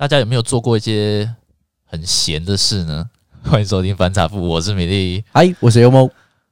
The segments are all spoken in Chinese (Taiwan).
大家有沒有做過一些很閒的事呢？歡迎收聽翻查富，我是米粒，哎，我是 Umo，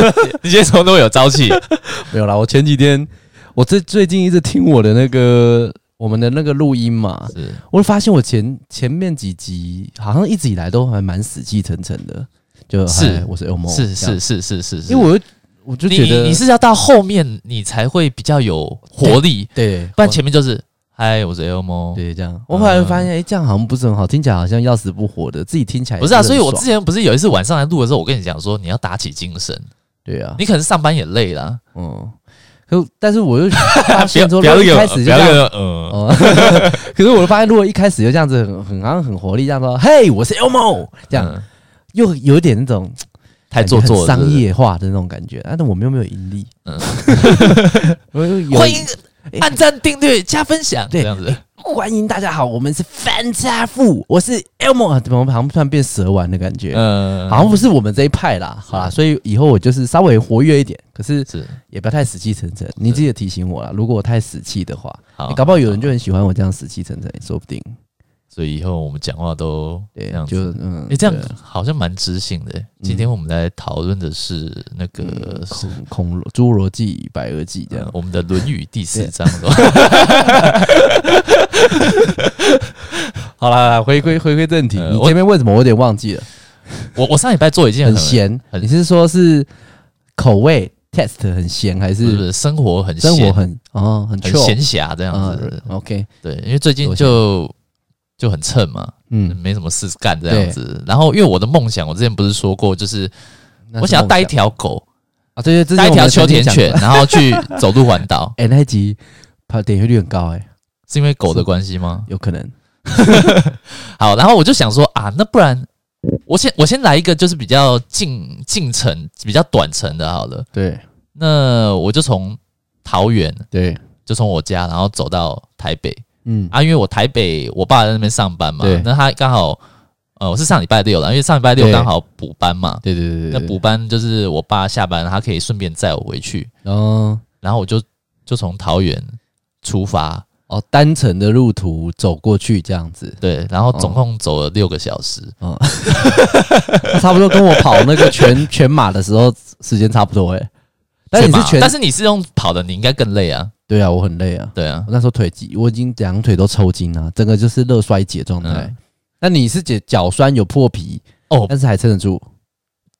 你今天怎麼那麼有朝氣？ 沒有啦，我前幾天，我這最近一直聽我的那個我們的那個錄音嘛，是，我就發現我前，前面幾集好像一直以來都還蠻死氣沉沉的，就是 Hi, 我是 Umo，是是，是是是是是，因為我就我就覺得你，你是要到後面你才會比較有活力，對，對不然前面就是。嗨，我是 LMO。對，這樣，我後來發現，哎、嗯欸，這樣好像不是很好，聽起來好像要死不活的，自己聽起來不是啊。所以我之前不是有一次晚上來錄的時候，我跟你講說，你要打起精神。對啊，你可能上班也累了、啊。嗯，可是，但是我又覺得說，不 要一開始就這樣嗯，嗯 可是我發現，如果一開始就這樣子很，很很很活力，這樣說，嘿、hey，我是 LMO，這樣、嗯、又有點那種太做作、商業化的那種感覺。哎，那、啊、我們又沒有盈利。嗯， 我就有歡迎按讚訂閱加分享，對、欸，歡迎大家好，我們是翻車富，我是 Elmo，怎麼好像突然變蛇丸的感覺？嗯，好像不是我們這一派啦，好啦，所以以後我就是稍微活躍一點，可是也不要太死氣沉沉，你自己也提醒我啦，如果我太死氣的話，搞不好有人就很喜歡我這樣死氣沉沉，說不定。所以以後我們講話都這樣子，哎、嗯欸，這樣好像蠻知性的、欸嗯。今天我們來討論的是那個《空、嗯、空侏羅紀白堊紀》這樣我們的《論語》第四章。好， 好啦，啦回歸回歸正題、嗯，你前面問什麼、嗯我，我有點忘記了。我我上禮拜做已經很閒，你是說是口味 test 很鹹還是生活很是是生活很，閒生活很哦很閒暇這樣子、嗯、？OK，對，因為最近就。就很蹭嘛，嗯，沒什麼事幹這樣子。然後，因為我的夢想，我之前不是說過，就是我想要帶一條狗，帶一條啊，對對，帶一條秋田犬，然後去走路環島。哎、 欸，那一集它點擊率很高哎、欸，是因為狗的關係嗎？有可能。 好，然後我就想說啊，那不然我先我先來一個，就是比較近近程、比較短程的，好了。對，那我就從桃園，對，就從我家，然後走到台北。嗯啊，因為我台北我爸在那邊上班嘛，那他剛好，呃，我是上禮拜六了，因為上禮拜六剛好補班嘛，對對對，那補班就是我爸下班，他可以順便載我回去，嗯，然後我就就從桃園出發，哦，單程的路途走過去這樣子，對，然後總共走了六個小時，嗯，嗯 他差不多跟我跑那個全 全馬的時候時間差不多誒、欸但你是全全，但是你是用跑的，你應該更累啊！對啊，我很累啊，對啊，那時候腿筋我已經兩腿都抽筋了，整個就是熱衰竭狀態。那你是腳腳酸有破皮哦，但是還撐得住。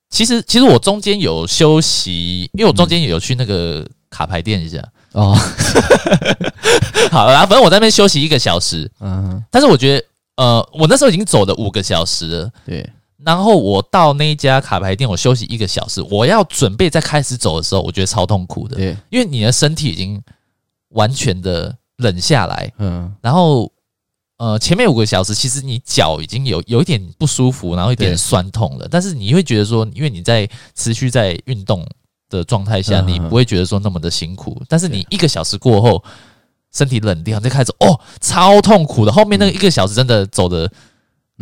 其實其實我中間有休息，因為我中間也有去那個卡牌店一下、嗯、哦。 好了，反正我在那邊休息一個小時。嗯，但是我覺得呃，我那時候已經走了五個小時了。對。然後我到那一家卡牌店，我休息一個小時。我要準備再開始走的時候，我覺得超痛苦的。因為你的身體已經完全的冷下來。然後，呃，前面五個小時其實你腳已經有有一點不舒服，然後有點酸痛了。但是你會覺得說，因為你在持續在運動的狀態下，你不會覺得說那麼的辛苦。但是你一個小時過後，身體冷掉再開始哦，超痛苦的。後面那個一個小時真的走的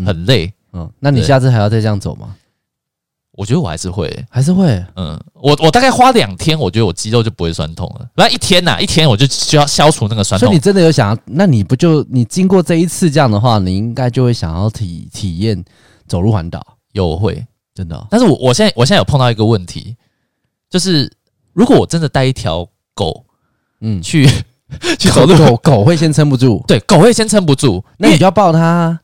很累。嗯，那你下次還要再這樣走嗎？我覺得我還是會，還是會。嗯，我我大概花兩天，我覺得我肌肉就不會酸痛了。那一天吶、啊，一天我就需要消除那個酸痛。所以你真的有想要？那你不就你經過這一次這樣的話，你應該就會想要體體驗走路環島？有，我會真的、喔。但是我我現在我現在有碰到一個問題，就是如果我真的帶一條狗，嗯，去去走路，狗狗，狗會先撐不住。對，狗會先撐不住。那你就要抱它。欸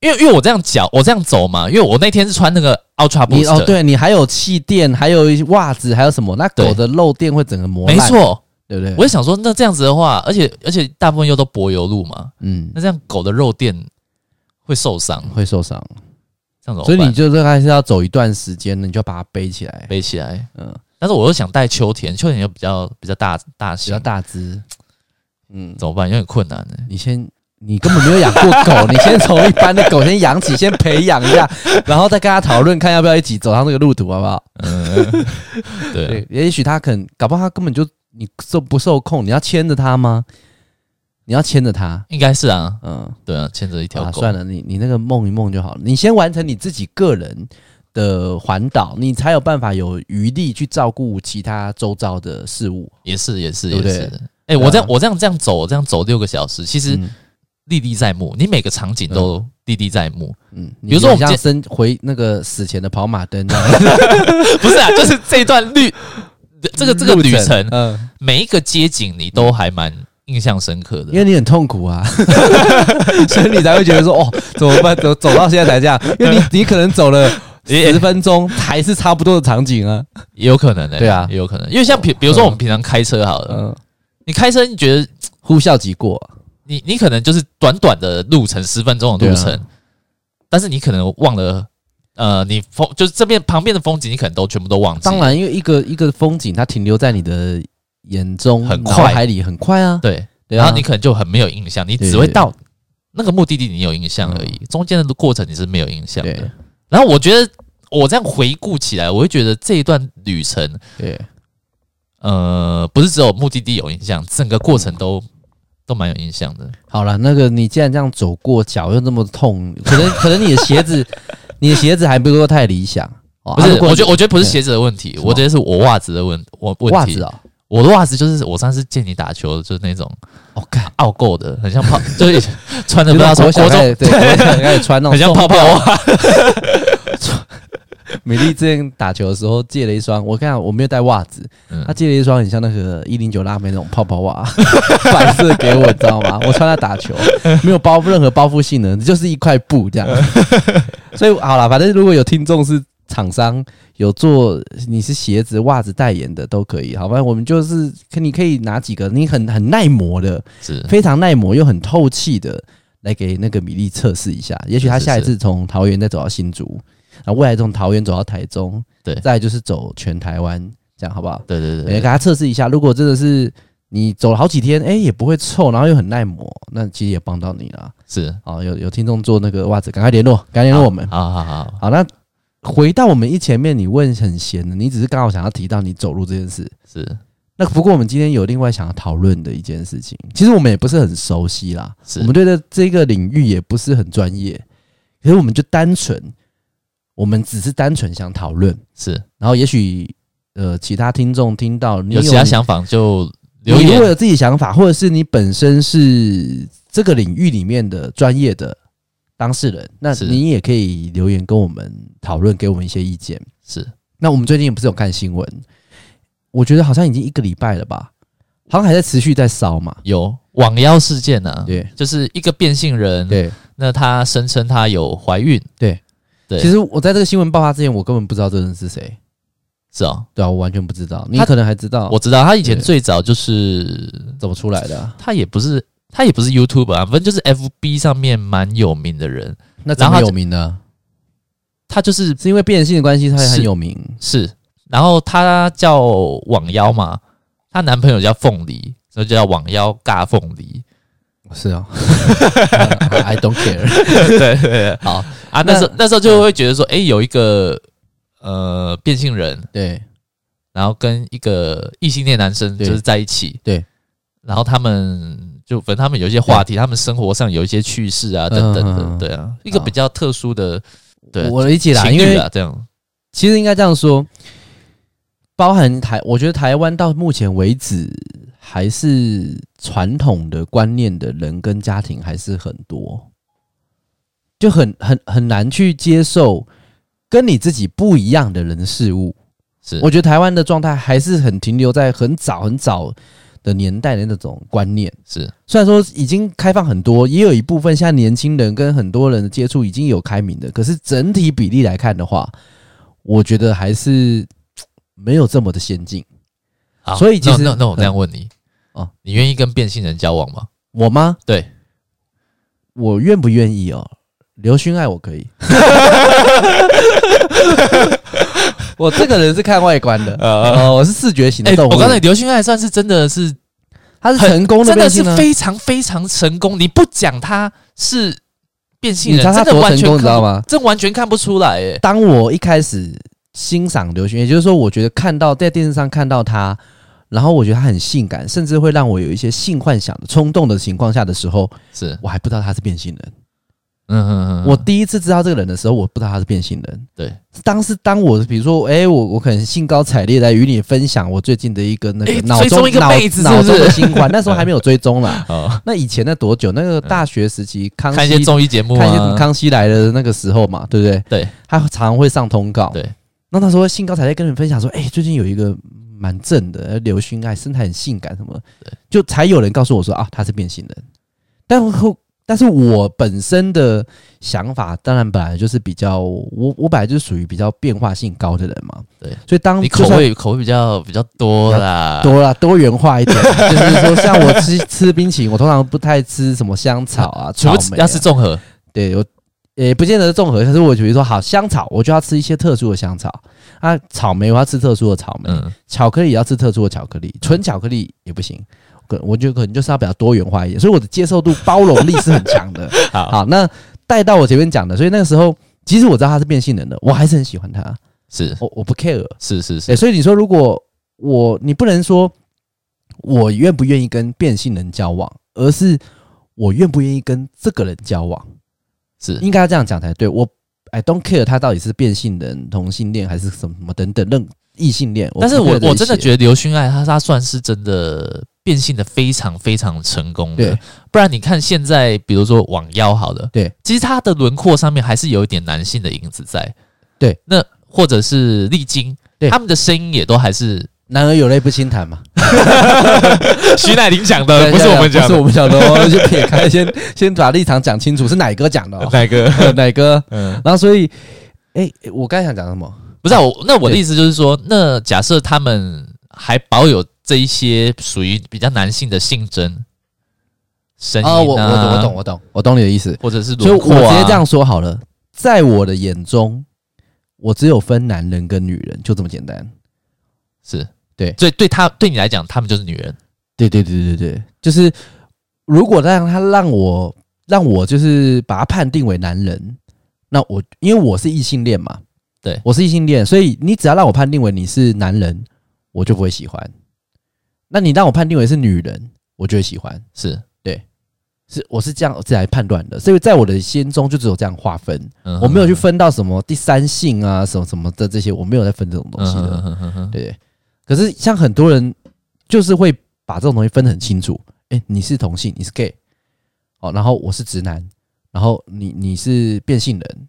因為因為我這樣腳，我這樣走嘛，因為我那天是穿那個 Ultra Boost 哦，對你還有氣墊，還有襪子，還有什麼？那狗的肉墊會整個磨爛，沒錯，對不對？我就想說，那這樣子的話，而且而且大部分又都柏油路嘛，嗯，那這樣狗的肉墊會受傷、嗯，會受傷，這樣子，所以你就大概是要走一段時間，你就要把它背起來，背起來，嗯。但是我又想帶秋田，秋田又比較比較大、大比較大隻，嗯，怎麼辦？有點困難的、欸，你先。你根本沒有養過狗， 你先從一般的狗先養起， 先培養一下，然後再跟他討論，看要不要一起走上這個路途，好不好？嗯，對，也許他可能，搞不好他根本就你受不受控，你要牽着它嗎？你要牽着它，應該是啊，嗯，對啊，牽着一條狗。啊，算了，你你那個夢一夢就好了，你先完成你自己個人的環島，你才有辦法有餘力去照顧其他周遭的事物。也是，也是，也是對對，也是，也、欸、是。哎、嗯，我這樣，我這樣，這樣走，這樣走六個小時，其實、嗯。歷歷在目，你每個場景都歷歷在目。嗯，比如說我們接生回那個死前的跑馬燈啊， 不是啊，就是這一段旅 這個這個旅程、程，嗯，每一個街景你都還蠻印象深刻的，因為你很痛苦啊， 所以你才會覺得說，哦，怎麼辦？走走到現在才這樣，因為你你可能走了十分鐘、欸欸、還是差不多的場景啊，也有可能的、欸，對啊，也有可能，因為像譬、哦、比如說我們平常開車好了，嗯，你開車你覺得呼嘯即過、啊。你你可能就是短短的路程，十分鐘的路程。對啊。但是你可能忘了，呃，你風就是這邊旁邊的風景，你可能都全部都忘記了。當然，因為一個一個風景，它停留在你的眼中，很快，海裡很快啊。對，對啊，然後你可能就很沒有印象，你只會到那個目的地你有印象而已，對對對對，中間的過程你是沒有印象的。對，然後我覺得我這樣回顧起來，我會覺得這一段旅程，對，呃，不是只有目的地有印象，整個過程都。都蠻有印象的。好了，那個你既然這樣走過，腳又那麼痛，可能可能你的鞋子， 你的鞋子還不夠太理想。哦，不是，我覺得我覺得不是鞋子的問題，我覺得是我襪子的問題，我襪子啊。哦，我的襪子就是我上次見你打球的，就是那種 OK 澳購的，很像泡，就是穿的不知道什麼。現 在對，現在開始穿那種很像泡泡襪。 美麗之前打球的時候借了一雙，我看我沒有帶襪子，嗯，他借了一雙很像那個一零九辣妹那種泡泡襪、白色給我，你知道嗎？ 我穿他打球，沒有包任何包覆性能，就是一塊布這樣。 所以好了，反正如果有聽眾是廠商有做，你是鞋子襪子代言的都可以，好吧？我們就是可你可以拿幾個，你很很耐磨的，是非常耐磨又很透氣的，來給那個米粒測試一下。也許他下一次從桃園再走到新竹。那未來從桃園走到台中，對，再就是走全台灣，這樣好不好？對對對,對、欸，給大家測試一下。如果真的是你走了好幾天，哎、欸，也不會臭，然後又很耐磨，那其實也幫到你了。是好有有聽眾做那個襪子，趕快聯絡，趕快聯絡我們。好好好好,好，那回到我們一前面，你問很閒的，你只是剛好想要提到你走路這件事。是。那不過我們今天有另外想要討論的一件事情，其實我們也不是很熟悉啦，我們對的這個領域也不是很專業，可是我們就單純。我們只是單純想討論，是。然後也許，也許呃，其他聽眾聽到你有，你有其他想法就留言。如果有自己想法，或者是你本身是這個領域裡面的專業的當事人，那你也可以留言跟我們討論，給我們一些意見。是。那我們最近也不是有看新聞？我覺得好像已經一個禮拜了吧，好像還在持續在燒嘛。有罔腰事件呢，啊，對，就是一個變性人，對，那他聲稱他有懷孕，對。對，其實我在這個新聞爆發之前，我根本不知道這個人是誰？是啊、哦，對啊，我完全不知道。你他可能還知道，我知道他以前最早就是怎麼出來的。啊，他也不是，他也不是 YouTuber 啊，反正就是 FB 上面蠻有名的人。那怎麼有名呢？他，他就是是因為變性的關係，他也很有名是。是，然後他叫罔腰嘛，她男朋友叫鳳梨，所以叫罔腰尬鳳梨。是啊、哦、 ，I don't care。 對對、啊好，好 啊，那時候那時候就會覺得說，哎、欸，有一個呃變性人，對，然後跟一個異性戀男生就是在一起，對，對然後他們就反正他們有一些話題，他們生活上有一些趣事啊，等等的，對啊， 一個比較特殊的，對、啊，我理解啦，啦因為啊這樣，其實應該這樣說，包含台，我覺得台灣到目前為止。還是傳統的觀念的人跟家庭還是很多，就很很很難去接受跟你自己不一樣的人事物。是，我覺得台灣的狀態還是很停留在很早很早的年代的那種觀念。是，雖然說已經開放很多，也有一部分現在年輕人跟很多人的接觸已經有開明的，可是整體比例來看的話，我覺得還是沒有這麼的先進。所以其實那，那，那我這樣問你。哦、你願意跟變性人交往嗎？我嗎？對，我願不願意哦？劉薰愛我可以， 我這個人是看外觀的，哦、呃欸、我是視覺型的動物、欸。我剛才劉薰愛算是真的是，他是成功的嗎，真的是非常非常成功。你不講他是變性人，你知道他多成功真的完全你知道嗎？這完全看不出來。哎，當我一開始欣賞劉薰愛，也就是說，我覺得看到在電視上看到他。然後我覺得他很性感，甚至會讓我有一些性幻想的衝動的情況下的時候，是我還不知道他是變性人。嗯嗯嗯，我第一次知道這個人的時候，我不知道他是變性人。對，當時當我比如說，哎、欸，我我可能興高采烈來與你分享我最近的一個那個腦中腦腦、欸、子是是中的新款，那時候還沒有追蹤啦。 那以前那多久？那個大學時期，嗯、康熙看一些綜藝節目、啊，看一些《康熙來了》那個時候嘛，對不對？對，他常常會上通告。對，那那時候興高采烈跟你分享說，哎、欸，最近有一個。蠻正的，劉薰愛身材很性感，什麼的，對，就才有人告訴我說啊，他是變性人。但後，但是我本身的想法，當然本來就是比較，我我本來就是屬於比較變化性高的人嘛。對，所以當你口味口味比較比較多啦，多啦，多元化一點， 就是說像我吃吃冰淇淋，我通常不太吃什麼香草啊， 草莓啊，要吃綜合，對，我也不見得是綜合，但是我比如說好香草，我就要吃一些特殊的香草。啊，草莓我要吃特殊的草莓，嗯、巧克力也要吃特殊的巧克力，純巧克力也不行。可，我覺得可能就是要比較多元化一點，所以我的接受度、包容力是很強的 好。好，那帶到我前面講的，所以那個時候，其實我知道他是變性人的，我還是很喜歡他。是，我我不 care。是是是。欸、所以你說，如果我你不能說我願不願意跟變性人交往，而是我願不願意跟這個人交往，是應該要這樣講才對。我。I don't care，他到底是變性人、同性戀還是什麼什麼等等，任異性戀。但是我我真的覺得劉薰愛他，他他算是真的變性的非常非常成功的。對，不然你看現在，比如說網妖，好了，對，其實他的輪廓上面還是有一點男性的影子在。對，那或者是麗晶，他們的聲音也都還是。男兒有淚不輕彈嘛？ 徐乃麟琳講的， 不是我們講， 不是我們講的哦、喔。就撇開，先先把立場講清楚，是乃哥講的、喔？乃哥？乃哥？嗯，嗯。然後，所以，哎，我剛才想講什麼、啊？不是、啊、我，那我的意思就是說，那假設他們還保有這一些屬於比較男性的性徵，神。音啊啊我我懂，我懂，我懂，我懂你的意思。或者是，所以，我直接這樣說好了，在我的眼中，我只有分男人跟女人，就這麼簡單。是。對，所以對他對你來講，他們就是女人。對，對，對，對，對，就是如果讓他讓我讓我就是把他判定為男人，那我因為我是異性戀嘛，對我是異性戀，所以你只要讓我判定為你是男人，我就不會喜歡。那你讓我判定為是女人，我就會喜歡。是對，是我是這樣子來判斷的，所以在我的心中就只有這樣劃分，我沒有去分到什麼第三性啊，什麼什麼的這些，我沒有在分這種東西的。對，對。可是，像很多人就是會把這種東西分得很清楚。哎、欸，你是同性，你是 gay，哦，然後我是直男，然後你你是變性人。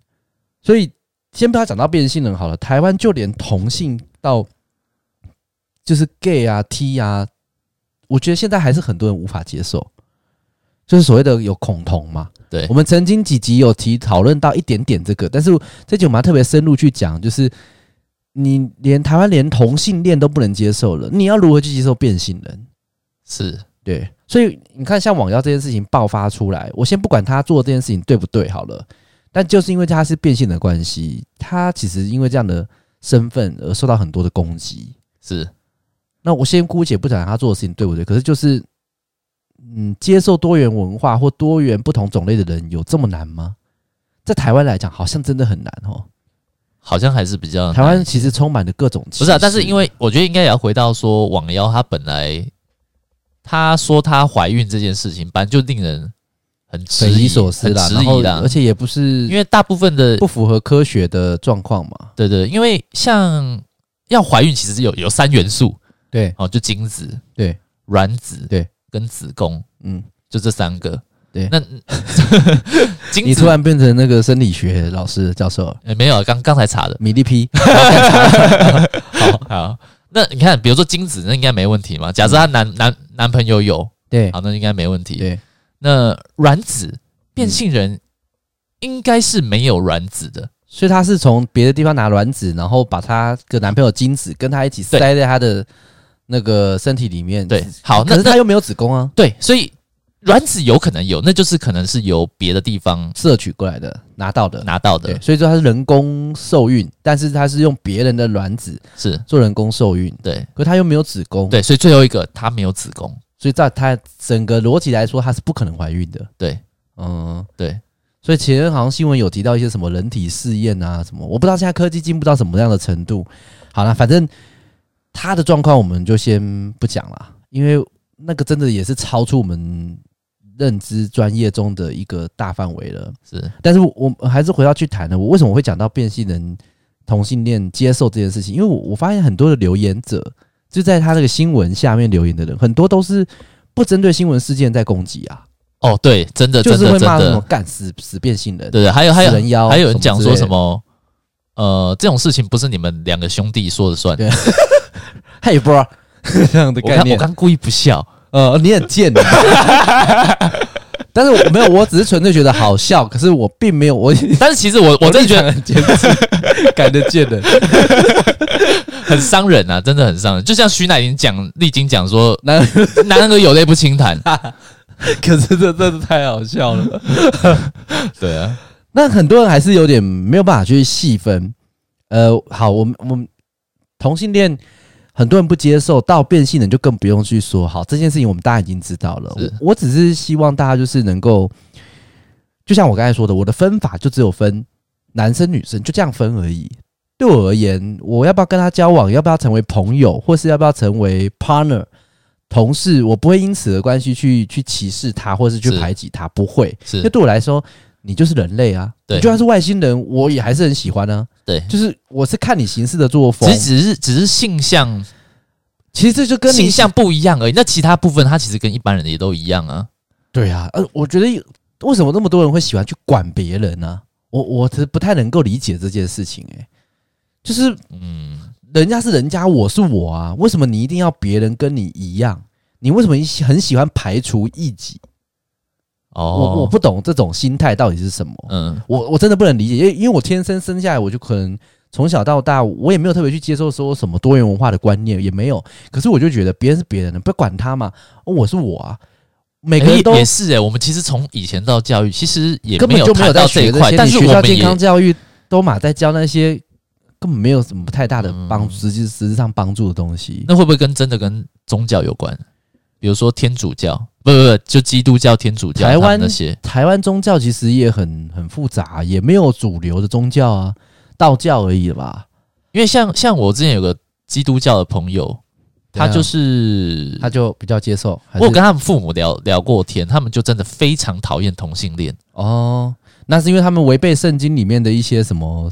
所以先不要講到變性人好了。台灣就連同性到就是 gay 啊、T 啊，我覺得現在還是很多人無法接受，就是所謂的有恐同嘛。對，我們曾經幾集有提討論到一點點這個，但是這集我們要特別深入去講，就是。你連台灣連同性戀都不能接受了，你要如何去接受變性人？是，對，所以你看，像罔腰這件事情爆發出來，我先不管他做這件事情對不對好了，但就是因為他是變性的關係，他其實因為這樣的身份而受到很多的攻擊。是，那我先姑且不講他做的事情對不對，可是就是，嗯，接受多元文化或多元不同種類的人有這麼難嗎？在台灣來講，好像真的很難哦。好像還是比較台灣，其實充滿了各種。不是，啊，但是因為我覺得應該也要回到說，網妖她本來她說她懷孕這件事情，本來就令人很匪夷所思了，然後而且也不是因為大部分的不符合科學的狀況嘛。對對、對，因為像要懷孕，其實有有三元素，對哦，就精子、對卵子、對跟子宮，嗯，就這三個。對，那 精子你突然變成那個生理學老師教授、欸？沒有，剛剛才查的。米粒批 再， 好，好。那你看，比如說精子，那應該沒問題嘛。假設她男男、嗯、男朋友有，對，好，那應該沒問題。對，那卵子變性人、嗯、應該是沒有卵子的，所以她是從別的地方拿卵子，然後把她的男朋友精子跟她一起塞在她的那個身體裡面。對，好，可是她又沒有子宮啊。對，所以。卵子有可能有，那就是可能是由別的地方攝取過來的，拿到的，拿到的。所以說它是人工受孕，但是它是用別人的卵子是做人工受孕，是對。可它又沒有子宮，對，所以最後一個它沒有子宮，所以在它整個邏輯來說，它是不可能懷孕的。對，嗯，對。所以前好像新聞有提到一些什麼人體試驗啊什麼，我不知道現在科技進步到什麼樣的程度。好了，反正它的狀況我們就先不講了，因為那個真的也是超出我們。認知專業中的一個大範圍了，是。但是我還是回到去談了，我為什麼會講到變性人、同性戀接受這件事情？因為我我發現很多的留言者，就在他那個新聞下面留言的人，很多都是不針對新聞事件在攻擊啊。哦，對，真的就是會罵什麼幹死死變性人，對對，還有還有人妖，還有人講說什麼呃這種事情不是你們兩個兄弟說了算，還嘿 bro 這樣的概念，我剛故意不笑。呃，你很賤的， 但是我沒有，我只是純粹覺得好笑。可是我並沒有我，但是其實我我真 的覺賤得 很賤的，很傷人啊，真的很傷人。就像徐乃麟講、利菁講說，男人都有淚不輕彈，啊，可是這真的太好笑了。 對，啊 對啊，那很多人還是有點沒有辦法去細分。呃，好，我們我們同性戀。很多人不接受，到變性人就更不用去說。好，這件事情我們大家已經知道了。我只是希望大家就是能夠，就像我剛才說的，我的分法就只有分男生女生，就這樣分而已。對我而言，我要不要跟他交往，要不要成為朋友，或是要不要成為 partner、同事，我不會因此的關係去去歧視他，或是去排擠他，不會。是因為對我來說，你就是人類啊，你就算是外星人，我也還是很喜歡啊。對，就是我是看你行事的作風，其實只是只是，只是性向，其實這就跟你性向不一樣而已。那其他部分，他其實跟一般人也都一樣啊。對啊，呃，我覺得為什麼那麼多人會喜歡去管別人呢，啊？我我其實不太能夠理解這件事情哎、欸。就是嗯，人家是人家，我是我啊。為什麼你一定要別人跟你一樣？你為什麼很喜歡排除異己？哦，我我不懂這種心態到底是什麼。嗯，我我真的不能理解，因為因為我天生生下來，我就可能從小到大，我也沒有特別去接受說什麼多元文化的觀念，也沒有。可是我就覺得別人是別人的，不要管他嘛、哦，我是我啊。每個人都、欸、也是、欸、我們其實從以前到教育，其實也沒有到這一塊。但是學校健康教育都嘛在教那些根本沒有什麼太大的幫助，嗯，就是、實際實質上幫助的東西，那會不會跟真的跟宗教有關？比如說天主教，不,不不不，就基督教、天主教、台灣那些，台灣宗教其實也很很複雜、啊，也沒有主流的宗教啊，道教而已了吧。因為像像我之前有個基督教的朋友，他就是、啊、他就比較接受。我有跟他們父母聊聊過天，他們就真的非常討厭同性戀哦。那是因為他們違背聖經裡面的一些什麼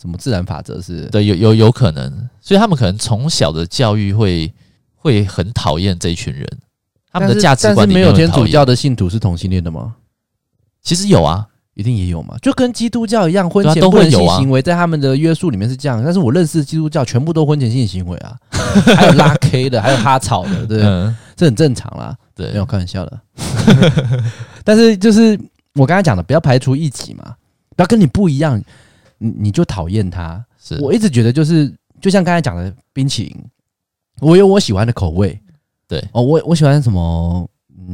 什麼自然法則，是對有有有可能，所以他們可能從小的教育會。會很討厭這一群人，他們的價值觀但。但是沒有天主教的信徒是同性戀的嗎？其實有啊，一定也有嘛，就跟基督教一樣，婚前性行為在他們的約束裡面是這樣。但是我認識的基督教，全部都婚前性行為啊， 還有拉 K 的，還有哈草的，對、嗯，這很正常啦。對，沒有開玩笑的。 但是就是我剛才講的，不要排除異己嘛，不要跟你不一樣，你你就討厭他。是我一直覺得、就是，就是就像剛才講的冰淇淋。我有我喜歡的口味，對、哦、我我喜歡什麼？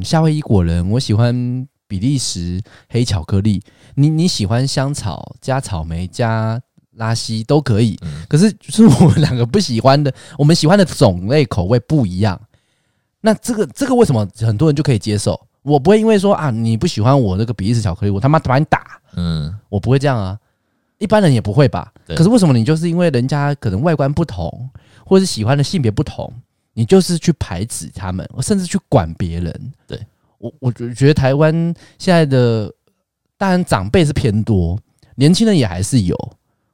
夏威夷果仁，我喜歡比利時黑巧克力。你你喜歡香草加草莓加拉西都可以，嗯、可是就是我們兩個不喜歡的，我們喜歡的種類口味不一樣。那這個這個為什麼很多人就可以接受？我不會因為說啊，你不喜歡我那個比利時巧克力，我他媽把你打，嗯，我不會這樣啊，一般人也不會吧？可是為什麼你就是因為人家可能外觀不同，或者喜歡的性別不同，你就是去排斥他們，甚至去管別人。對我，我覺覺得台灣現在的當然長輩是偏多，年輕人也還是有。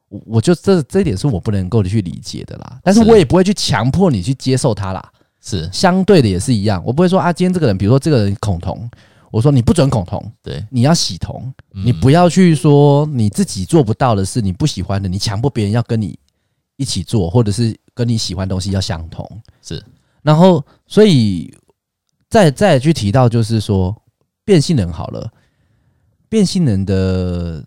我我就這這一點是我不能夠去理解的啦。但是我也不會去強迫你去接受他啦。是相對的也是一樣，我不會說啊，今天這個人，比如說這個人恐同，我說你不准恐同，對，你要喜同，你不要去說你自己做不到的事，你不喜歡的，你強迫別人要跟你一起做，或者是。跟你喜歡東西要相同是，然後所以再再去提到就是說，變性人好了，變性人的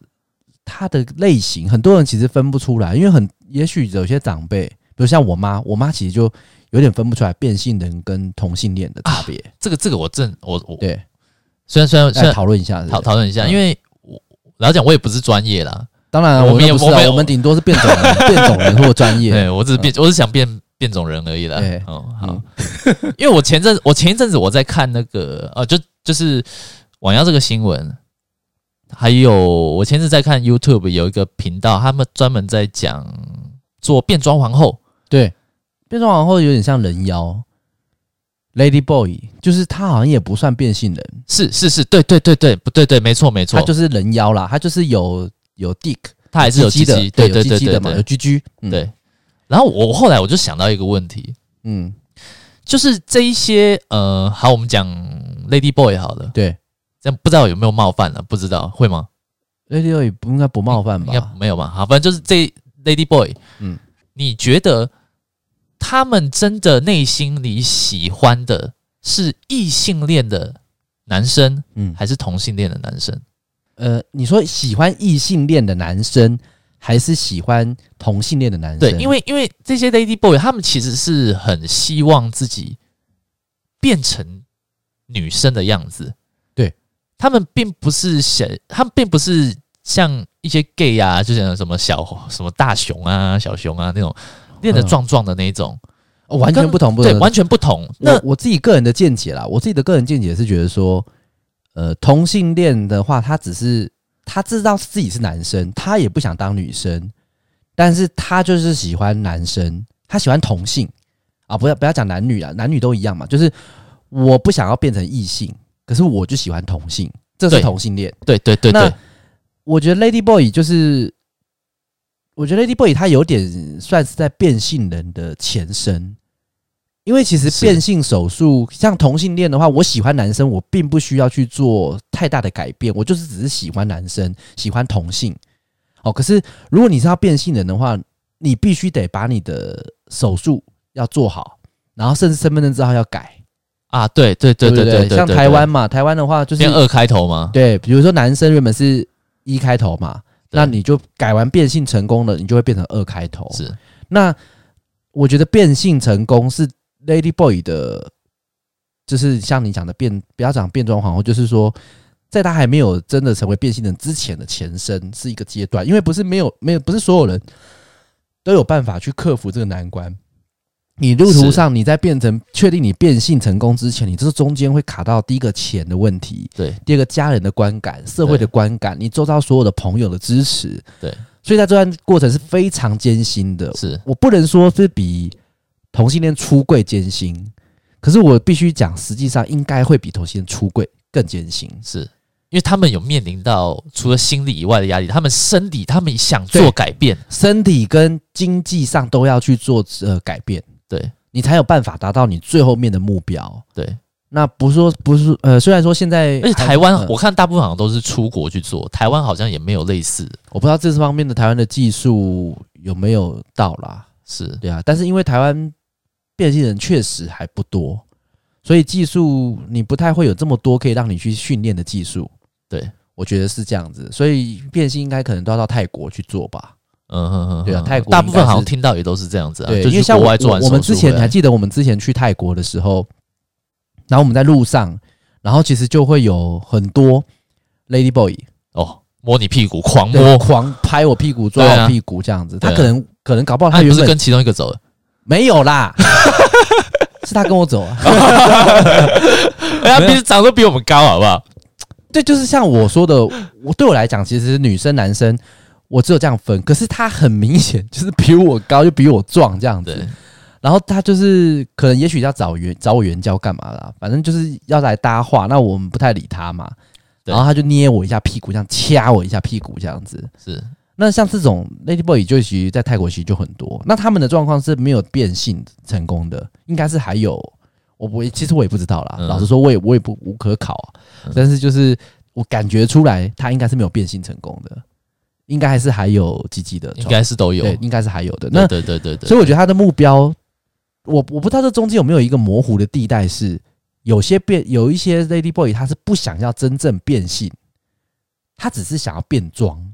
他的類型很多人其實分不出來，因為很也許有些長輩，比如像我媽，我媽其實就有點分不出來變性人跟同性戀的差別啊。這個這個我正我我對，雖然雖然先討論一下討討論一下，因為我老講我也不是專業啦。當然、啊，我們也不是、啊。我，我們頂多是變種人 變種人或專業。對、欸、我只是變，嗯、我是想變變種人而已啦。欸、哦，好，嗯、 因為我前陣我前一陣子我在看那個呃、啊，就就是人妖這個新聞，還有我前陣在看 YouTube 有一個頻道，他們專門在講做變裝皇後。對，變裝皇後有點像人妖，Lady Boy，就是他好像也不算變性人。是是是，對對對對，不對，對對，沒錯沒錯，他就是人妖啦，他就是有。有 Dick，他還是有雞雞，對對，對對對對，有 GG，對 GG、嗯。然後我後來我就想到一個問題，嗯，就是這一些，呃，好，我們講 Lady Boy 好了，對，這樣不知道有沒有冒犯了、啊，不知道會嗎？Lady Boy 不應該不冒犯吧？應該沒有嘛？好，反正就是這 Lady Boy，嗯，你覺得他們真的內心裡喜歡的是異性戀的男生，嗯，還是同性戀的男生？呃，你說喜歡異性戀的男生，還是喜歡同性戀的男生？對，因為因為這些 lady boy，他們其實是很希望自己變成女生的樣子。對他們，並不是像他們，並不是像一些 gay 啊，就像什麼小什麼大熊啊，小熊啊那種練得壯壯的那種，呃哦，完全不同，不同對，完全不同。那我，我自己個人的見解啦，我自己的個人見解是覺得說。呃，同性戀的話，他只是他知道自己是男生，他也不想當女生，但是他就是喜歡男生，他喜歡同性啊，不要不要講男女啊，男女都一樣嘛，就是我不想要變成異性，可是我就喜歡同性，這是同性戀，對對對對，對，那。那我覺得 Lady Boy 就是，我覺得 Lady Boy 他有點算是在變性人的前身。因為其實變性手術，像同性戀的話，我喜歡男生，我並不需要去做太大的改變，我就是只是喜歡男生，喜歡同性。哦，可是如果你是要變性人的話，你必須得把你的手術要做好，然後甚至身份證之後要改啊。對對對對對對，對，對，對，像台灣嘛，台灣的話就是二開頭嘛。對，比如說男生原本是一開頭嘛，那你就改完變性成功了，你就會變成二開頭。是，那我覺得變性成功是。Lady Boy 的，就是像你講的變，不要講變裝皇後，就是說，在他還沒有真的成為變性人之前的前身是一個階段，因為不是沒有沒有，不是所有人都有辦法去克服這個難關。你路途上你在變成確定你變性成功之前，你這是中間會卡到第一個錢的問題，對，第二個家人的觀感、社會的觀感，你周遭所有的朋友的支持，對，所以在這段過程是非常艱辛的。是我不能說是比。同性戀出櫃艱辛，可是我必須講，實際上應該會比同性戀出櫃更艱辛，是因為他們有面臨到除了心理以外的壓力，他們身體，他們想做改變，身體跟經濟上都要去做呃改變，對你才有辦法達到你最後面的目標。對，那不是說不是呃，雖然說現在，而且台灣、嗯、我看大部分好像都是出國去做，台灣好像也沒有類似，我不知道這方面的台灣的技術有沒有到啦？是對啊，但是因為台灣。變性人確實還不多，所以技術你不太會有這麼多可以讓你去訓練的技術。對，我覺得是這樣子，所以變性應該可能都要到泰國去做吧。嗯哼哼、哼，對啊，泰國大部分好像聽到也都是這樣子啊。對，因為像我還做完我們之前還記得我們之前去泰國的時候，然後我們在路上，然後其實就會有很多 lady boy 哦，摸你屁股，狂摸，啊、狂拍我屁股，抓我屁股這樣子。他可能可能搞不好他，啊、不是跟其中一個走的。沒有啦， 是他跟我走啊，他、 哎、平時長得比我們高好不好？對，就是像我說的，我對我來講，其實女生、男生，我只有這樣分。可是他很明顯就是比我高，就比我壯這樣子。 然後他就是可能也許要找原找我原教幹嘛啦，反正就是要來搭話。那我們不太理他嘛，然後他就捏我一下屁股，這樣掐我一下屁股這樣子那像這種 lady boy 就其實，在泰國其實就很多。那他們的狀況是沒有變性成功的，應該是還有，我不其實我也不知道啦。嗯、老實說我，我也我也不無可考、啊嗯。但是就是我感覺出來，他應該是沒有變性成功的，應該還是還有雞雞的，應該是都有，對應該是還有的。那對對對對，對，對對對對，所以我覺得他的目標，我我不知道這中間有沒有一個模糊的地帶，是有些變有一些 lady boy 他是不想要真正變性，他只是想要變裝。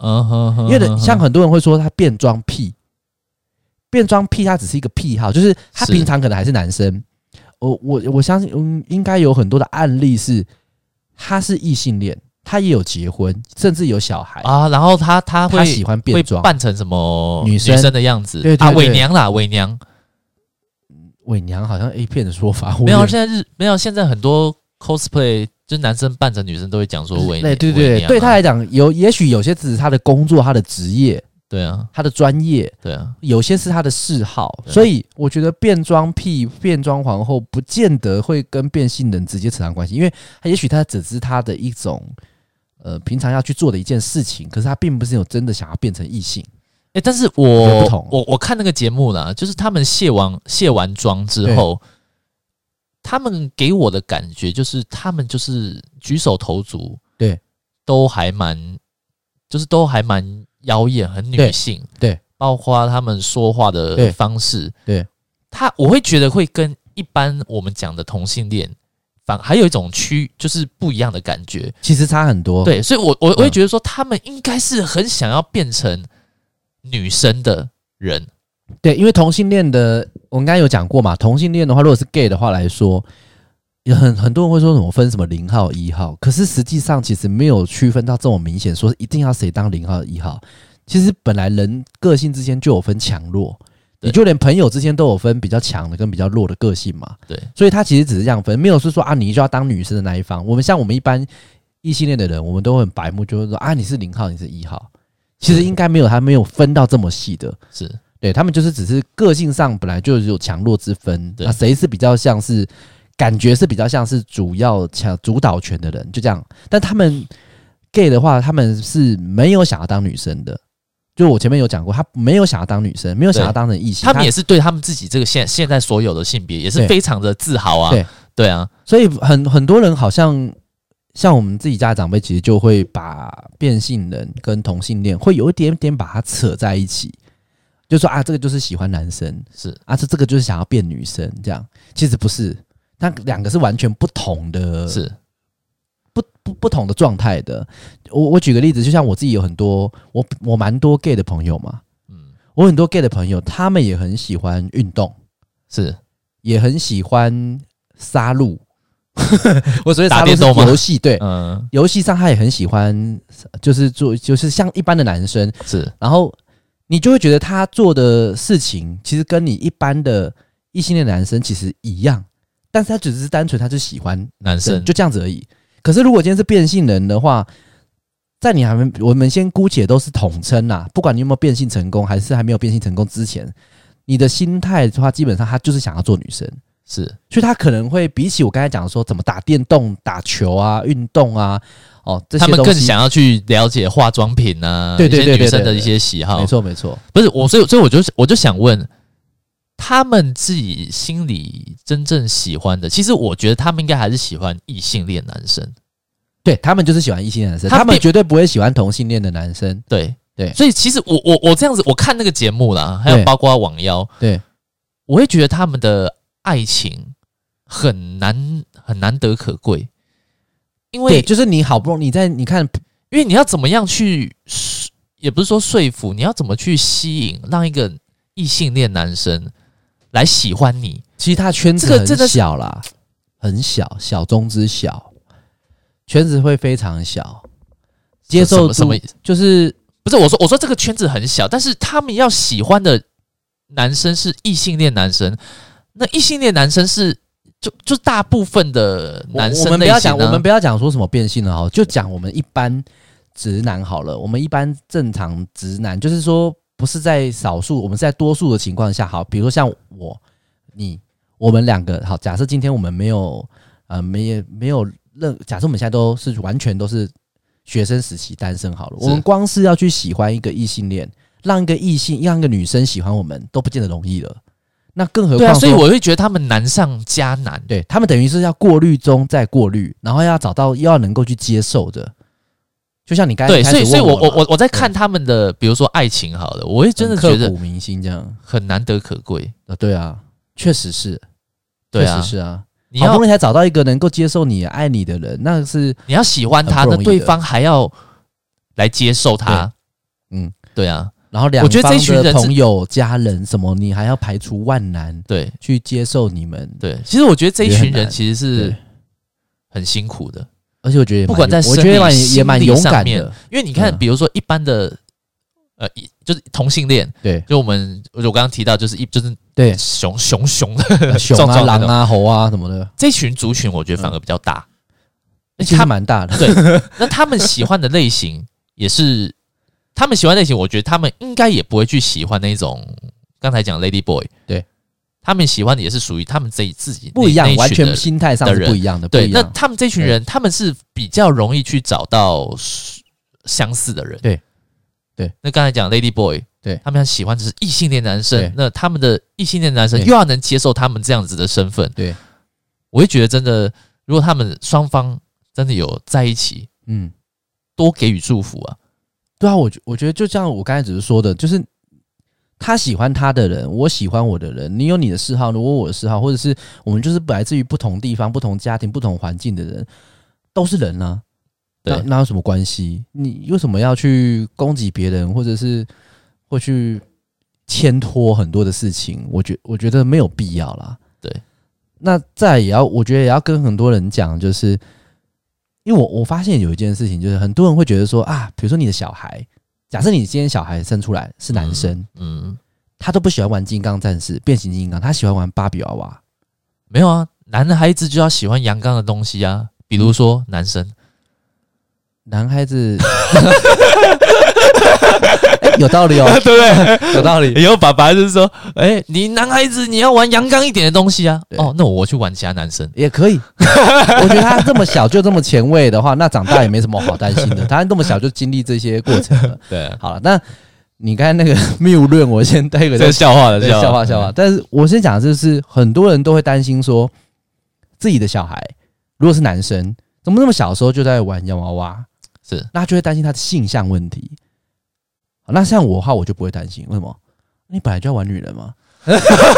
嗯哼哼，因為像很多人會說他變裝癖，變裝癖他只是一個癖好，就是他平常可能還是男生。喔、我我我相信，嗯，應該有很多的案例是他是異性戀，他也有結婚，甚至有小孩啊。然後他他會他喜歡變裝，扮成什麼女生，女生的樣子對，啊，偽娘啦，偽娘，偽娘好像 A 片的說法。沒、啊、有，現在日沒有，現在很多 cosplay。就是男生扮成女生都會講說偽，對對對，偽娘啊，對他來講有，也許有些只是他的工作，他的職業，對啊，他的專業，對啊，有些是他的嗜好，啊、所以我覺得變裝癖、變裝皇後不見得會跟變性人直接扯上關係，因為他也許他只是他的一種，呃，平常要去做的一件事情，可是他並不是有真的想要變成異性。哎、欸，但是我不同我我看那個節目啦，就是他們卸完卸完妝之後。他們給我的感覺就是，他們就是舉手投足，對，都還蠻，就是都還蠻妖豔，很女性，對，對，包括他們說話的方式，對，他我會覺得會跟一般我們講的同性戀反還有一種區，就是不一樣的感覺，其實差很多，對，所以我，我我會覺得說，嗯、他們應該是很想要變成女生的人。對，因為同性戀的，我們剛才有講過嘛。同性戀的話，如果是 gay 的話來說，有很很多人會說什麼分什麼零號一號，可是實際上其實沒有區分到這麼明顯，說一定要誰當零號一號。其實本來人個性之間就有分強弱，你就連朋友之間都有分比較強的跟比較弱的個性嘛。對，所以他其實只是這樣分，沒有是說說啊，你就要當女生的那一方。我們像我們一般異性戀的人，我們都很白目，就會說啊，你是零號，你是一號。其實應該沒有，還沒有分到這麼細的，是。對，他們就是只是個性上本來就有強弱之分，對啊，誰是比較像是感覺是比較像是主要強主導權的人，就這樣。但他們 gay 的話，他們是沒有想要當女生的。就我前面有講過，他沒有想要當女生，沒有想要當成異性他，他們也是對他們自己這個現現在所有的性別也是非常的自豪啊。對，對，對啊，所以很很多人好像像我們自己家的長輩，其實就會把變性人跟同性戀會有一點點把它扯在一起。就是、說啊，這個就是喜歡男生是啊，這這個就是想要變女生這樣，其實不是，那兩個是完全不同的，是，不不不，不同的狀態的。我我舉個例子，就像我自己有很多我我蠻多 gay 的朋友嘛，嗯，我很多 gay 的朋友，他們也很喜歡運動，是，也很喜歡殺戮， 我所以打電動嘛，遊戲對，嗯，遊戲上他也很喜歡，就是做就是像一般的男生是，然後。你就會覺得他做的事情其實跟你一般的異性戀男生其實一樣，但是他只是單純他就喜歡男生，就這樣子而已。可是如果今天是變性人的話，在你還沒，我們先姑且都是統稱吶，不管你有沒有變性成功，還是還沒有變性成功之前，你的心態的話，基本上他就是想要做女生。是，所以他可能會比起我剛才講的說怎麼打電動、打球啊、運動啊，哦這些，他們更想要去了解化妝品啊，對對對，對，對，對，對，對，女生的一些喜好，沒錯沒錯。不是我，所以所以我就我就想問，他們自己心裡真正喜歡的，其實我覺得他們應該還是喜歡異性戀男生，對，他們就是喜歡異性男生他，他們絕對不會喜歡同性戀的男生。對對，所以其實我我我這樣子，我看那個節目啦，還有包括網妖，對，我會覺得他們的。愛情很難很難得可貴，因為對，就是你好不容易你在你看，因為你要怎麼樣去說，也不是說說服，你要怎麼去吸引，讓一個異性戀男生來喜歡你。其實他圈子很小啦，很小，小中之小，圈子會非常小。接受，接受什麼？就是不是我說我說這個圈子很小，但是他們要喜歡的男生是異性戀男生。那異性戀男生是就、就就大部分的男生，啊我，我們不要講，我們不要講說什麼變性了哦，就講我們一般直男好了。我們一般正常直男，就是說不是在少數，我們是在多數的情況下好。比如說像我、你、我們兩個好，假設今天我們沒有呃沒沒有任，假設我們現在都是完全都是學生時期單身好了，我們光是要去喜歡一個異性戀，讓一個異性讓一個女生喜歡我們都不見得容易了。那更何況、啊，所以我會覺得他們難上加難，對，對他們等於是要過濾中再過濾，然後要找到又要能夠去接受的，就像你剛才對，所以所以我我我我在看他們的，嗯、比如說愛情，好了，我會真的覺得，得銘心這樣很難得可貴啊！對啊，確實是，確、啊、實是啊！你要好不容易才找到一個能夠接受你、愛你的人，那是你要喜歡他的，對方還要來接受他，嗯，對啊。然後兩方的，我覺得這群朋友、家人什麼，你還要排除萬難，對，去接受你們。對，其實我覺得這一群人其實是很辛苦的，而且我覺得不管在我覺得也蠻，也蠻勇敢的，因為你看、嗯，比如說一般的，呃，就是同性戀，對，就我們我剛剛提到就是一就是熊對熊熊熊的熊啊、狼 啊、猴啊什麼的，這群族群我覺得反而比較大，嗯欸、其實蠻大的。對， 那他們喜歡的類型也是。他們喜歡的類型，我覺得他們應該也不會去喜歡那種。剛才講 Lady Boy，對，他們喜歡的也是屬於他們自己自己不一樣，一完全心態上是不一樣的的人不一樣的。對，那他們這群人，他們是比較容易去找到相似的人。對，對。那剛才講 Lady Boy，對，他們喜歡的是異性戀男生。那他們的異性戀男生又要能接受他們這樣子的身份，對，對我就覺得真的，如果他們雙方真的有在一起，嗯，多給予祝福啊。對啊，我覺我覺得就像我剛才只是說的，就是他喜歡他的人，我喜歡我的人。你有你的嗜好，如果我的嗜好，或者是我們就是本來自於不同地方，不同家庭，不同環境的人，都是人啊。對，那有什麼關係？你為什麼要去攻擊別人，或者是或去牽拖很多的事情？我覺得我覺得沒有必要啦。對，那再也要，我覺得也要跟很多人講，就是。因為我我發現有一件事情，就是很多人會覺得說啊，比如說你的小孩，假設你今天小孩生出來是男生，嗯，嗯，他都不喜歡玩金剛戰士、變形金剛，他喜歡玩芭比娃娃，沒有啊，男孩子就要喜歡陽剛的東西啊，比如說男生。嗯。男孩子、 欸，有道理哦、喔，對 不對？ 有道理。有爸爸就是說，哎、欸，你男孩子你要玩陽剛一點的東西啊。哦，那我去玩其他男生也可以。 我覺得他這麼小就這麼前衛的話，那長大也沒什麼好擔心的。他那麼小就經歷這些過程，了。 對、啊。好了，那你剛才那個謬論，我先帶一個，這是笑話的，笑話笑話。但是我先講就是，很多人都會擔心說，自己的小孩如果是男生，怎麼那麼小的時候就在玩洋娃,娃娃？是，那就會擔心他的性向問題。那像我的話，我就不會擔心，為什麼？你本來就要玩女人嗎？哈哈哈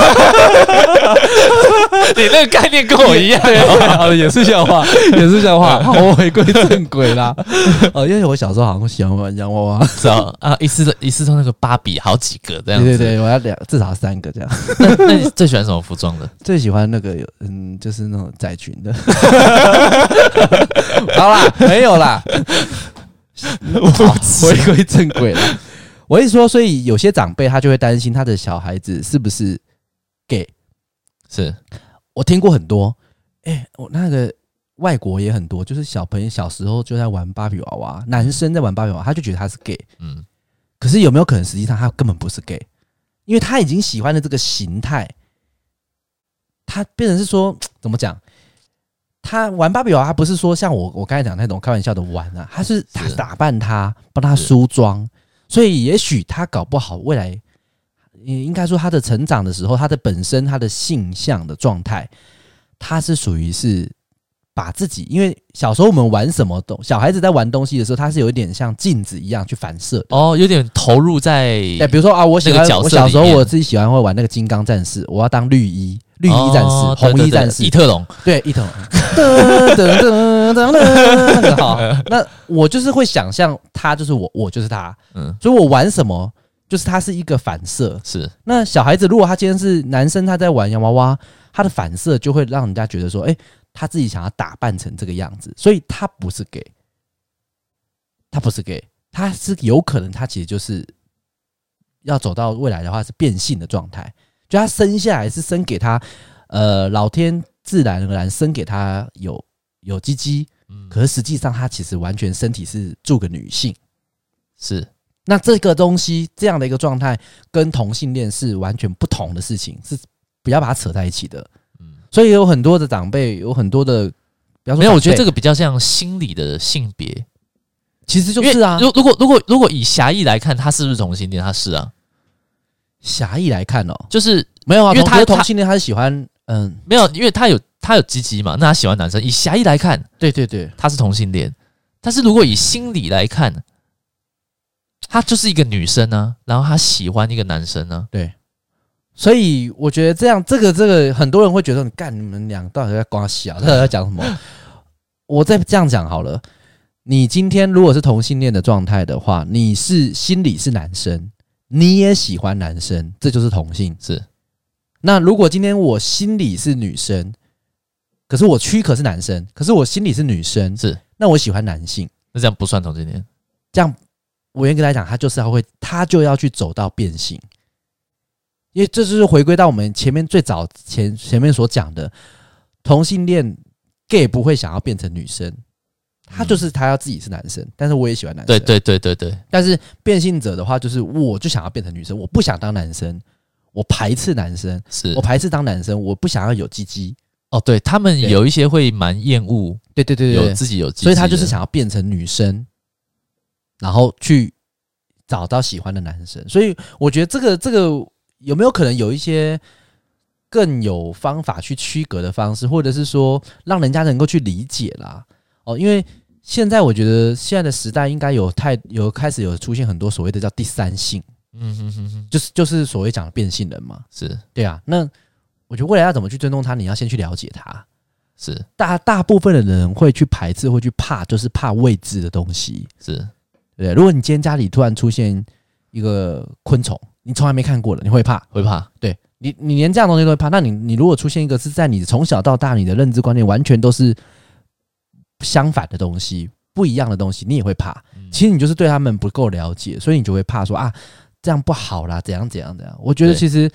哈哈！你那個概念跟我一樣，也是笑話，也是笑話，好，回歸正軌啦。哈、哦、因為我小時候好像喜歡玩洋娃娃，是吧？啊，一次一次抽那個芭比好幾個這樣子。對對，我要兩，至少三個這樣。那那你最喜歡什麼服裝的？ 最喜歡那個、個、有嗯，就是那種窄裙的。 好啦，沒有啦。回歸正軌啦。我一直說，所以有些長輩他就會擔心他的小孩子是不是 gay？是，我聽過很多，哎、欸，我那個外國也很多，就是小朋友小時候就在玩芭比娃娃，男生在玩芭比娃娃，他就覺得他是 gay，嗯，可是有沒有可能實際上他根本不是 gay？因為他已經喜歡的這個形態，他變成是說怎麼講？他玩芭比娃娃不是說像我我剛才講那種開玩笑的玩啊，他是打扮他，幫他梳妝。所以，也許他搞不好，未來應該說他的成長的時候，他的本身，他的性向的狀態，他是屬於是。把自己，因為小時候我們玩什麼東，小孩子在玩東西的時候，他是有一點像鏡子一樣去反射。哦，有點投入在、嗯，比如說啊，我喜歡、那個、角色。我小時候我自己喜歡會玩那個金剛戰士，我要當綠衣綠衣戰士、哦，紅衣戰士，對對對以特龍，對，以特龍。 噔噔噔噔，好，那我就是會想象他就是我，我就是他，嗯，所以我玩什麼就是他是一個反射，是。那小孩子如果他今天是男生，他在玩洋娃娃，他的反射就會讓人家覺得說，哎、欸。他自己想要打扮成這個樣子，所以他不是 gay，他不是 gay，他是有可能他其實就是要走到未來的話是變性的狀態，就他生下來是生給他，呃，老天自然而然生給他有有雞雞，可是實際上他其實完全身體是住個女性，是。那這個東西這樣的一個狀態跟同性戀是完全不同的事情，是不要把它扯在一起的。所以有很多的長輩，有很多的，比方說，沒有，我覺得這個比較像心理的性別，其實就是啊。如如果，如果如果以狹義來看，他是不是同性戀？他是啊。狹義來看哦，就是沒有啊，因為他同，同性戀，他是喜歡嗯，沒有，因為他有他有雞雞嘛，那他喜歡男生。以狹義來看，對對對，他是同性戀。但是如果以心理來看，他就是一個女生呢、啊，然後他喜歡一個男生呢、啊，對。所以我覺得這樣，這個這個，很多人會覺得你幹，你們倆到底在瓜西啊？到底在講什麼？ 我再這樣講好了。你今天如果是同性戀的狀態的話，你是心裡是男生，你也喜歡男生，這就是同性。是。那如果今天我心裡是女生，可是我軀殼是男生，可是我心裡是女生，是。那我喜歡男性，那這樣不算同性戀。這樣，我嚴格來講，他就是要會，他就要去走到變性。因為這就是回歸到我們前面最早前前面所講的，同性戀 gay 不會想要變成女生，他就是他要自己是男生。但是我也喜歡男生。對對對對對、對。但是變性者的話，就是我就想要變成女生，我不想當男生，我排斥男生，是我排斥當男生，我不想要有雞雞。哦，對他們有一些會蠻厭惡。對對對對，有自己有雞雞，所以他就是想要變成女生，然後去找到喜歡的男生。所以我覺得這個這個。有沒有可能有一些更有方法去區隔的方式，或者是說，讓人家能夠去理解啦？哦，因為現在我覺得現在的時代應該有太有開始有出現很多所謂的叫第三性，嗯哼哼哼，就是就是所謂講的變性人嘛，是對啊。那我覺得未來要怎麼去尊重他，你要先去了解他。是，大大部分的人會去排斥，會去怕，就是怕未知的東西。是對，如果你今天家裡突然出現，一個昆蟲，你從來沒看過的，你會怕，會怕。對你，你連這樣東西都會怕，那你，你如果出現一個是在你從小到大，你的認知觀念完全都是相反的東西，不一樣的東西，你也會怕。其實你就是對他們不夠了解，所以你就會怕說啊，這樣不好啦，怎樣怎樣的。我覺得其實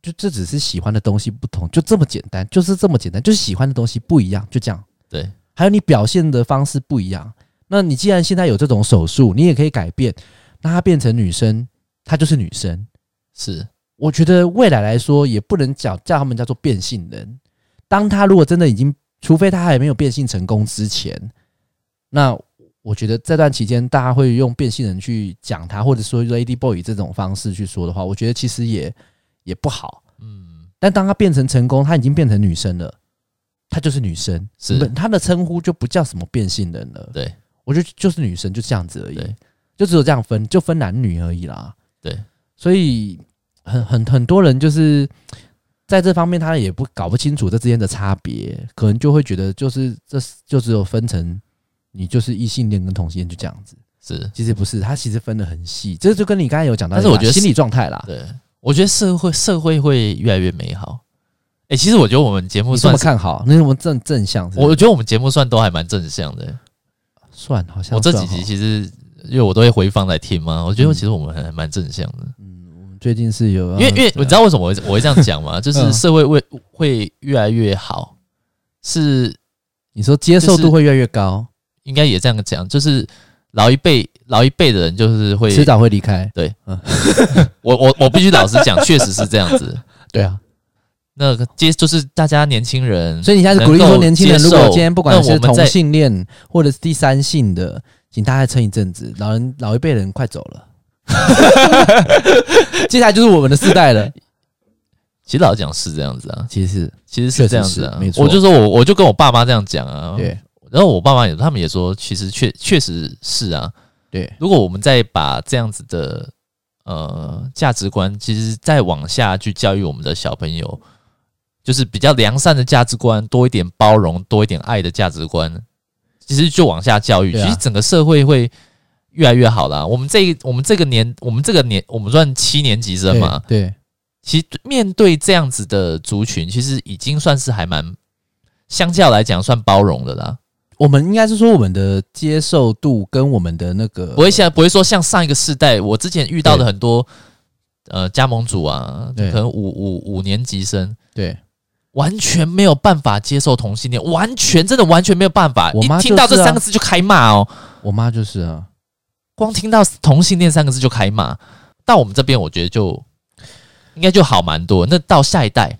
就這只是喜歡的東西不同，就這麼簡單，就是這麼簡單，就是喜歡的東西不一樣，就這樣。對，還有你表現的方式不一樣。那你既然現在有這種手術，你也可以改變。那他變成女生，他就是女生。是，我覺得未來來說也不能叫叫他們叫做變性人。當他如果真的已經，除非他還沒有變性成功之前，那我覺得這段期間大家會用變性人去講他，或者說 Lady Boy 這種方式去說的話，我覺得其實也也不好。嗯。但當他變成成功，他已經變成女生了，他就是女生，是，他的稱呼就不叫什麼變性人了。對，我覺得就是女生，就這樣子而已。就只有這樣分，就分男女而已啦。對，所以很很很多人就是在這方面，他也不搞不清楚這之間的差別，可能就會覺得就是這就只有分成你就是異性戀跟同性戀就這樣子。是，其實不是，他其實分得很細，這就跟你剛才有講到，但是我覺得心理狀態啦。對，我覺得社會社會會越來越美好。誒，其實我覺得我們節目算你這麼看好，那我們正正向，我覺得我們節目算都還蠻正向的，算好像算好我這幾集其實。因為我都會回放來聽嘛，我覺得其實我們還蠻正向的。嗯，我最近是有啊，因為因為你知道為什麼我會我會這樣講嗎？ 就是社會會會越來越好，是你說接受度會越來越高，應該也這樣講。就是老一輩老一輩的人就是會，遲早會離開。對，嗯， 我我我必須老實講，確實是這樣子。 對啊，那接、個、就是大家年輕人，所以你現在鼓勵說年輕人，如果今天不管是同性戀或者是第三性的，請大家撐一陣子，老人老一輩人快走了， 接下來就是我們的世代了。其實老實講是這樣子啊，其實是其實是這樣子啊，我就說我我就跟我爸媽這樣講啊，對。然後我爸媽也他們也說，其實確確實是啊，對。如果我們再把這樣子的呃價值觀，其實再往下去教育我們的小朋友，就是比較良善的價值觀，多一點包容，多一點愛的價值觀。其實就往下教育，啊，其實整個社會會越來越好了。我們這一我們這個年我們這個年我們算七年級生嘛，對，對。其實面對這樣子的族群，其實已經算是還蠻，相較來講算包容的啦。我們應該是說，我們的接受度跟我們的那個不會像不會說像上一個世代，我之前遇到的很多呃加盟主啊，可能五五五年級生對。完全沒有辦法接受同性戀，完全真的完全沒有辦法。我媽、啊、聽到這三個字就開罵哦、喔。我媽就是啊，光聽到同性戀三個字就開罵。到我們這邊，我覺得就應該就好蠻多。那到下一代，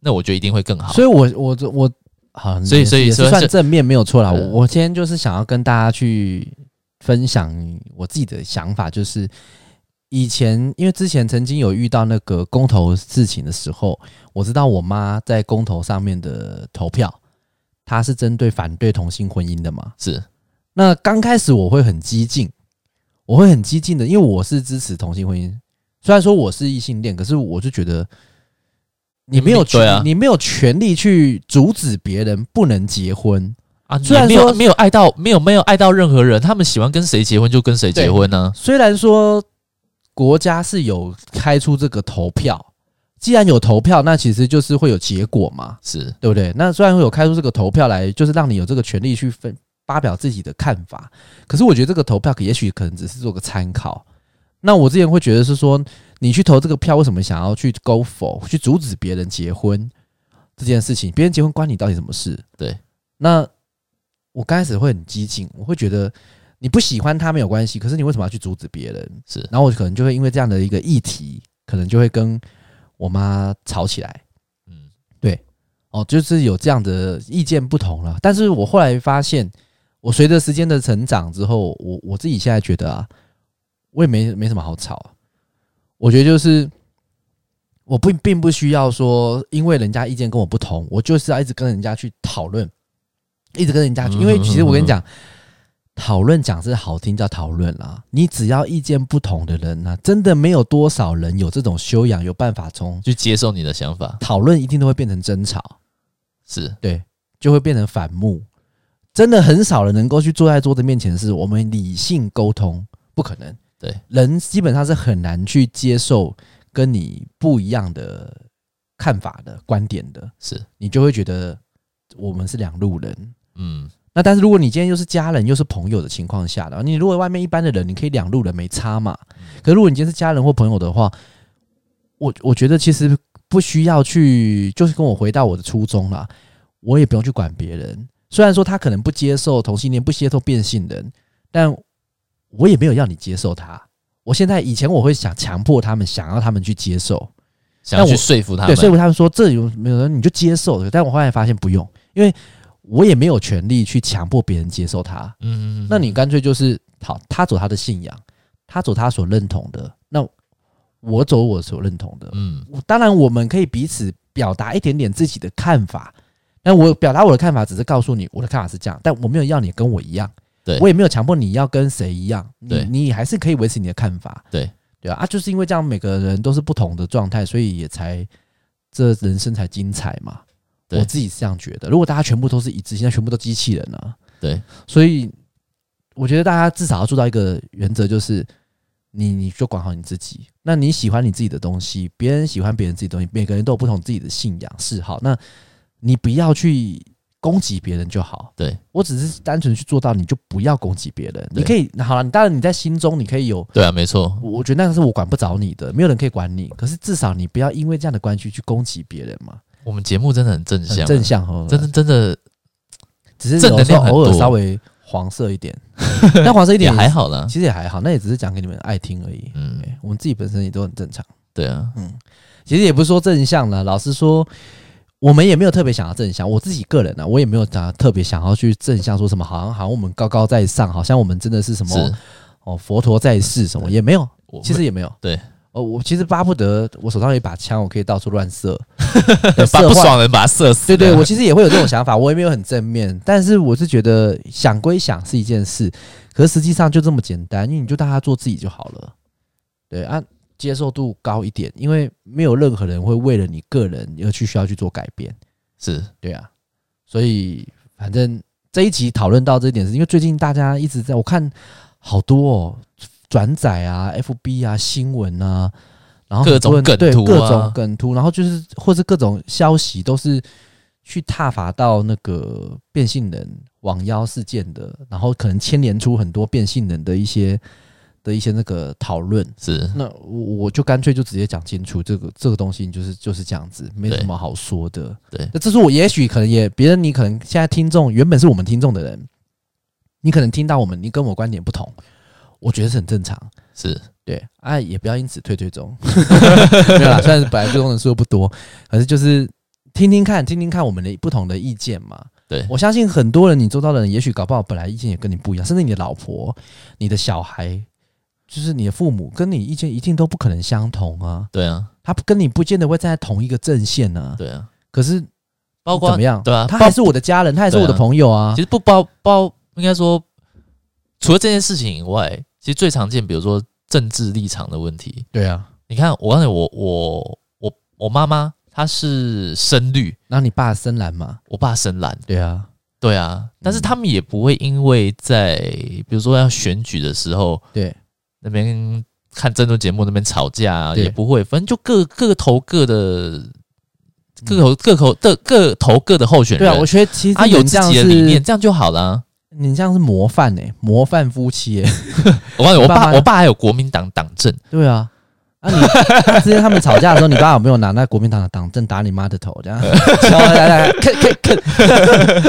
那我覺得一定會更好。所以我，我我我，所以所以，所以，所以，所以也是算正面沒有錯啦。我今天就是想要跟大家去分享我自己的想法，就是。以前，因為之前曾經有遇到那個公投事情的時候，我知道我媽在公投上面的投票，她是針對反對同性婚姻的嘛？是。那剛開始我會很激進，我會很激進的，因為我是支持同性婚姻。雖然說我是異性戀，可是我就覺得你沒有權，你沒有權利、啊、去阻止別人不能結婚啊，你沒有。雖然說、啊、沒有沒有愛到，沒有沒有愛到任何人，他們喜歡跟誰結婚就跟誰結婚呢、啊？雖然說。國家是有開出這個投票，既然有投票，那其實就是會有結果嘛，是對不對？那雖然會有開出這個投票來，就是讓你有這個權利去分發表自己的看法，可是我覺得這個投票也許可能只是做個參考。那我之前會覺得是說，你去投這個票，為什麼想要去勾否去阻止別人結婚這件事情？別人結婚關你到底什麼事？對，那我剛開始會很激進，我會覺得。你不喜歡他沒有關係，可是你為什麼要去阻止別人？是，然後我可能就會因為這樣的一個議題，可能就會跟我媽吵起來。嗯，對，哦，就是有這樣的意見不同了。但是我後來發現，我隨着時間的成長之後，我我自己現在覺得啊，我也沒沒什麼好吵。我覺得就是，我不並不需要說，因為人家意見跟我不同，我就是要一直跟人家去討論，一直跟人家去。嗯、呵呵。因為其實我跟你講。討論講是好聽叫討論啦，你只要意見不同的人呢，真的沒有多少人有這種修養，有辦法從去接受你的想法。討論一定都會變成爭吵，是對，就會變成反目，真的很少人能夠去坐在桌子面前是我們理性溝通，不可能。對，人基本上是很難去接受跟你不一樣的看法的觀點的，是你就會覺得我們是兩路人，嗯。那但是如果你今天又是家人又是朋友的情況下，然後你如果外面一般的人，你可以兩路人沒差嘛。可是如果你今天是家人或朋友的話，我我覺得其實不需要去，就是跟我回到我的初衷啦。我也不用去管別人。雖然說他可能不接受同性戀，不接受變性人，但我也沒有要你接受他。我現在以前我會想強迫他們，想要他們去接受，想要去說服他們，對，說服他們說這有沒有人你就接受，但我後來發現不用，因為。我也沒有權利去強迫別人接受他，嗯，嗯，嗯，那你乾脆就是好，他走他的信仰，他走他所認同的，那我走我所認同的，嗯，嗯，當然我們可以彼此表達一點點自己的看法，那我表達我的看法，只是告訴你我的看法是這樣，但我沒有要你跟我一樣，對，我也沒有強迫你要跟誰一樣，你，對，你還是可以維持你的看法，對對啊，啊，就是因為這樣，每個人都是不同的狀態，所以也才這人生才精彩嘛。我自己是這樣覺得，如果大家全部都是一致，現在全部都機器人了啊，對，所以我覺得大家至少要做到一個原則，就是你你就管好你自己，那你喜歡你自己的東西，別人喜歡別人自己的東西，每個人都有不同自己的信仰嗜好，那你不要去攻擊別人就好。對。我只是單純去做到，你就不要攻擊別人。你可以，好了，你當然你在心中你可以有。對啊，沒錯，我覺得那個是我管不着你的，沒有人可以管你，可是至少你不要因為這樣的關係去攻擊別人嘛。我們節目真的很正向，啊，正向哦，真真的，真的正只是有偶爾稍微黃色一點，那 黃色一點還好， 還好啦，其實也還好，那也只是講給你們愛聽而已。嗯，我們自己本身也都很正常。對啊，嗯，其實也不是說正向了，老實說，我們也沒有特別想要正向。我自己個人呢、啊，我也沒有特別想要去正向說什麼，好像好像我們高高在上，好像我們真的是什麼是哦佛陀在世什麼也沒有，其實也沒有。沒對。哦，我其實巴不得我手上有一把槍，我可以到處亂射，很爽的，把它射死。對對，我其實也會有這種想法，我也沒有很正面，但是我是覺得想歸想是一件事，可是實際上就這麼簡單，因為你就大家做自己就好了。對啊，接受度高一點，因為沒有任何人會為了你個人而去需要去做改變。是，對啊。所以反正這一集討論到這一點是，是因為最近大家一直在我看好多哦。轉載啊，FB 啊，新聞啊，然後各種梗圖、啊對，各種梗圖，然後就是或是各種消息都是去撻伐到那個變性人罔腰事件的，然後可能牽連出很多變性人的一些的一些那個討論。是，那我我就乾脆就直接講清楚，這個這個東西就是就是這樣子，沒什麼好說的。對，那這是我也許可能也別人你可能現在聽眾原本是我們聽眾的人，你可能聽到我們，你跟我觀點不同。我覺得是很正常，是對啊，也不要因此退退中。 沒有啦。 雖然本來不同人說不多，可是就是聽聽看，聽聽看我們的不同的意見嘛。對，我相信很多人，你做到的人，也許搞不好本來意見也跟你不一樣，甚至你的老婆、你的小孩，就是你的父母，跟你意見一定都不可能相同啊。對啊，他跟你不見得會站在同一個陣線啊。對啊，可是包括怎麼樣？對啊，他還是我的家人，他還是我的朋友啊。啊其實不包包應該，應該說除了這件事情以外。其實最常見，比如說政治立場的問題。對啊，你看，我剛才我我我我媽媽她是深綠，那你爸深藍嗎？我爸深藍。對啊，對啊，但是他們也不會因為在、嗯、比如說要選舉的時候，對那邊看政論節目那邊吵架啊，也不會，反正就各各投各的，各投、嗯、各投的各投各的候選人。對啊，我覺得其實他、啊、有自己的理念，這樣，這樣就好了。你像是模範誒、欸、模範夫妻誒、欸、我告訴你，你爸，我爸我爸還有國民黨黨證。對啊，那、啊、你之前他們吵架的時候，你爸有沒有拿那國民黨的黨證打你媽的頭？這樣？來來來，看看看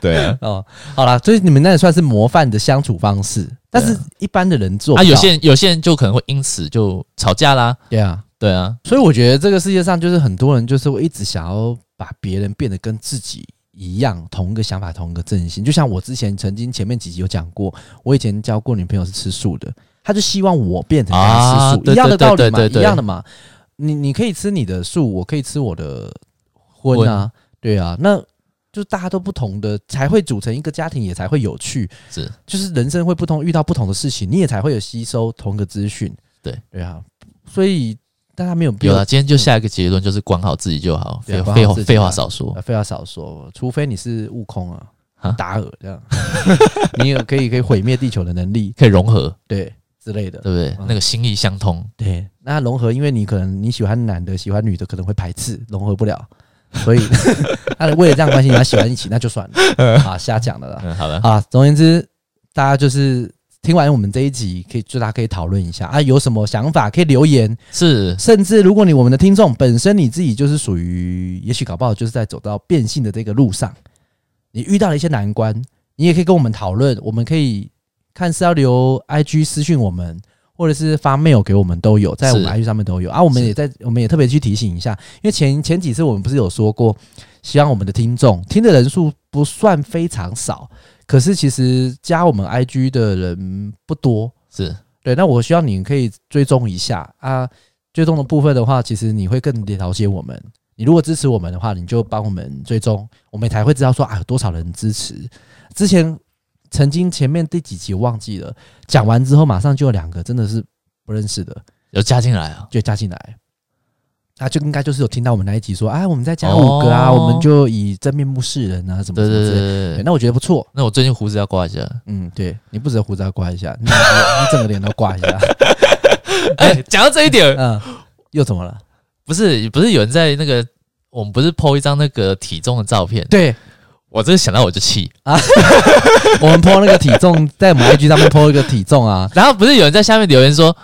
對啊，哦，好了，所以你們那也算是模範的相處方式，但是一般的人做啊，啊，有些人有些人就可能會因此就吵架啦。對啊，對啊，所以我覺得這個世界上就是很多人就是會一直想要把別人變得跟自己一樣，同一個想法，同一個陣型。就像我之前曾經前面幾集有講過，我以前交過女朋友是吃素的，她就希望我變成吃素、啊、一樣的道理嘛，對對對對對對，一樣的嘛。你你可以吃你的素，我可以吃我的葷啊，葷對啊。那就是大家都不同的，才會組成一個家庭，也才會有趣。是，就是人生會不同，遇到不同的事情，你也才會有吸收同個資訊。對對啊，所以。但他沒有必要。有啊，今天就下一個結論，嗯，就是管好自己就好。廢話、啊、廢話少說，啊、廢話少說。除非你是悟空啊，達爾這樣，嗯、 你有可以可以毀滅地球的能力，可以融合對之類的，對不對？嗯、那個心意相通對。那融合，因為你可能你喜歡男的，喜歡女的，可能會排斥融合不了，所以 他為了這樣關係，你要喜歡一起那就算了 啊，瞎講的了啦、嗯。好了啊，總言之，大家就是。聽完我們這一集，可以就大家可以討論一下啊，有什麼想法可以留言。是，甚至如果你，我們的聽眾本身你自己就是屬於，也許搞不好就是在走到變性的這個路上，你遇到了一些難關，你也可以跟我們討論。我們可以看是要留 IG 私訊我們，或者是發 mail 給我們都有，在我們 IG 上面都有啊。我們也在，我們也特別去提醒一下，因為前前幾次我們不是有說過，希望我們的聽眾聽的人數不算非常少。可是其實加我們 IG 的人不多，是，對。那我需要你可以追蹤一下啊，追蹤的部分的話，其實你會更了解我們。你如果支持我們的話，你就幫我們追蹤，我們才會知道說啊有多少人支持。之前曾經前面第幾集忘記了，講完之後馬上就有兩個真的是不認識的，有加進來啊、哦，就加進來。那、啊、就應該就是有聽到我們那一集說，哎、啊，我們在講五個啊、哦，我們就以真面目示人啊，什麼什麼的，對對對對、欸、那我覺得不錯，那我最近鬍子要刮一下。嗯，對，你不只鬍子要刮一下， 你整個臉都刮一下。 哎，講到這一點，嗯，又怎麼了？不是，不是有人在那個我們不是 PO 一張那個體重的照片？對，我真的想到我就氣啊。 我們 PO 那個體重 在我們 IG 上面 PO 一個體重啊，然後不是有人在下面留言說，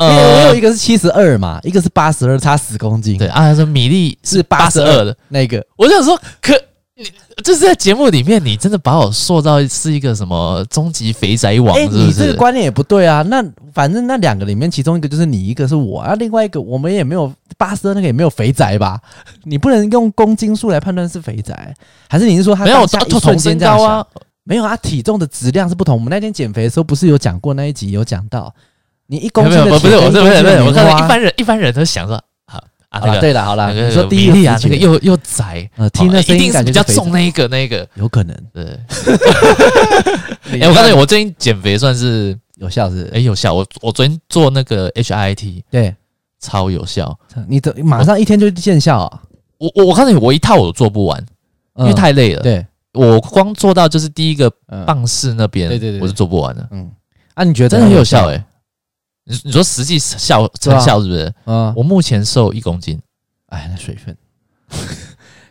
又、呃、有、欸、一個是七十二嘛，一個是八十二，差十公斤。對，啊，他說米粒是八十二的，的那個，我就想說，可你就是在節目裡面，你真的把我塑造是一個什麼終極肥宅王是不是？哎、欸，你這個觀念也不對啊。那反正那兩個裡面，其中一個就是你，一個是我，啊，另外一個我們也沒有八十二，那個也沒有肥宅吧？你不能用公斤數來判斷是肥宅，還是你是說他沒有在同一身高啊？沒有啊，體重的質量是不同。我們那天減肥的時候不是有講過那一集有講到。你一公斤的錢，不是不是，不是，不，是不是，我看一般人一般人都想說好啊，對了，好了，你說第一例啊，那個、那個啊啊那個、又又窄，聽那聲音感覺比較重、那個，那個那個有可能對。哎、 欸，我剛才我最近減肥算是有效是，是？哎、欸，有效！我我昨天做那個 H I T，對，超有效。你等馬上一天就見效啊！我我剛才我一套我都做不完、嗯，因為太累了。對，我光做到就是第一個棒式那邊，對對對，我就做不完了。嗯，啊，你覺得真的很有效？哎。你說實際效成效是不是？啊，嗯、我目前瘦一公斤，哎，那水分，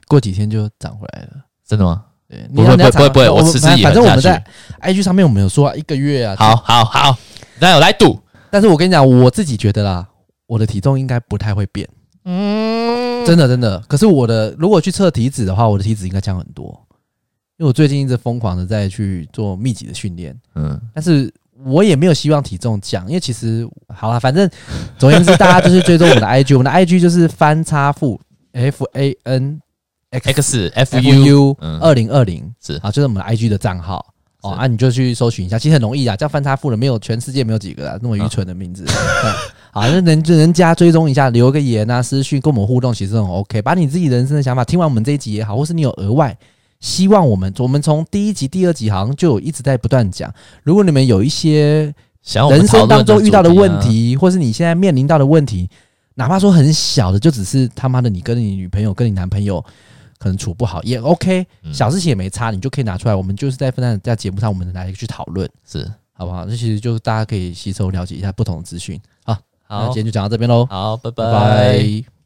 過幾天就漲回來了。真的嗎？對，不會不會不會，我試試，反正我們在 IG 上面，我們有說、啊、一個月啊，好好好，那有來賭。但是我跟你講，我自己覺得啦，我的體重應該不太會變，嗯，真的真的。可是我的如果去測體脂的話，我的體脂應該降很多，因為我最近一直瘋狂的在去做密集的訓練，嗯，但是。我也沒有希望體重降，因為其實好啦，啊，反正總而言之，大家就是追蹤我們的 IG。 我們的 IG 就是翻差付 F A N X F U U，嗯，二零二零是啊，就是我們的 IG 的賬號哦啊，你就去搜尋一下，其實很容易啊，叫翻差付了。沒有全世界沒有幾個啦，那麼愚蠢的名字， 對，好啊，那人人家追蹤一下，留個言啊，私訊跟我們互動，其實很 OK，把你自己人生的想法聽完我們這一集也好，或是你有額外。希望我們，我們從第一集、第二集好像就有一直在不斷講。如果你們有一些人生當中遇到的問題，或是你現在面臨到的問題，哪怕說很小的，就只是他媽的你跟你女朋友、跟你男朋友可能處不好，也 OK，小事情也沒差，你就可以拿出來。我們就是在分享在節目上，我們來去討論，是好不好？這其實就是大家可以吸收、了解一下不同的資訊。好，好，那今天就講到這邊嘍，好，拜拜。拜拜。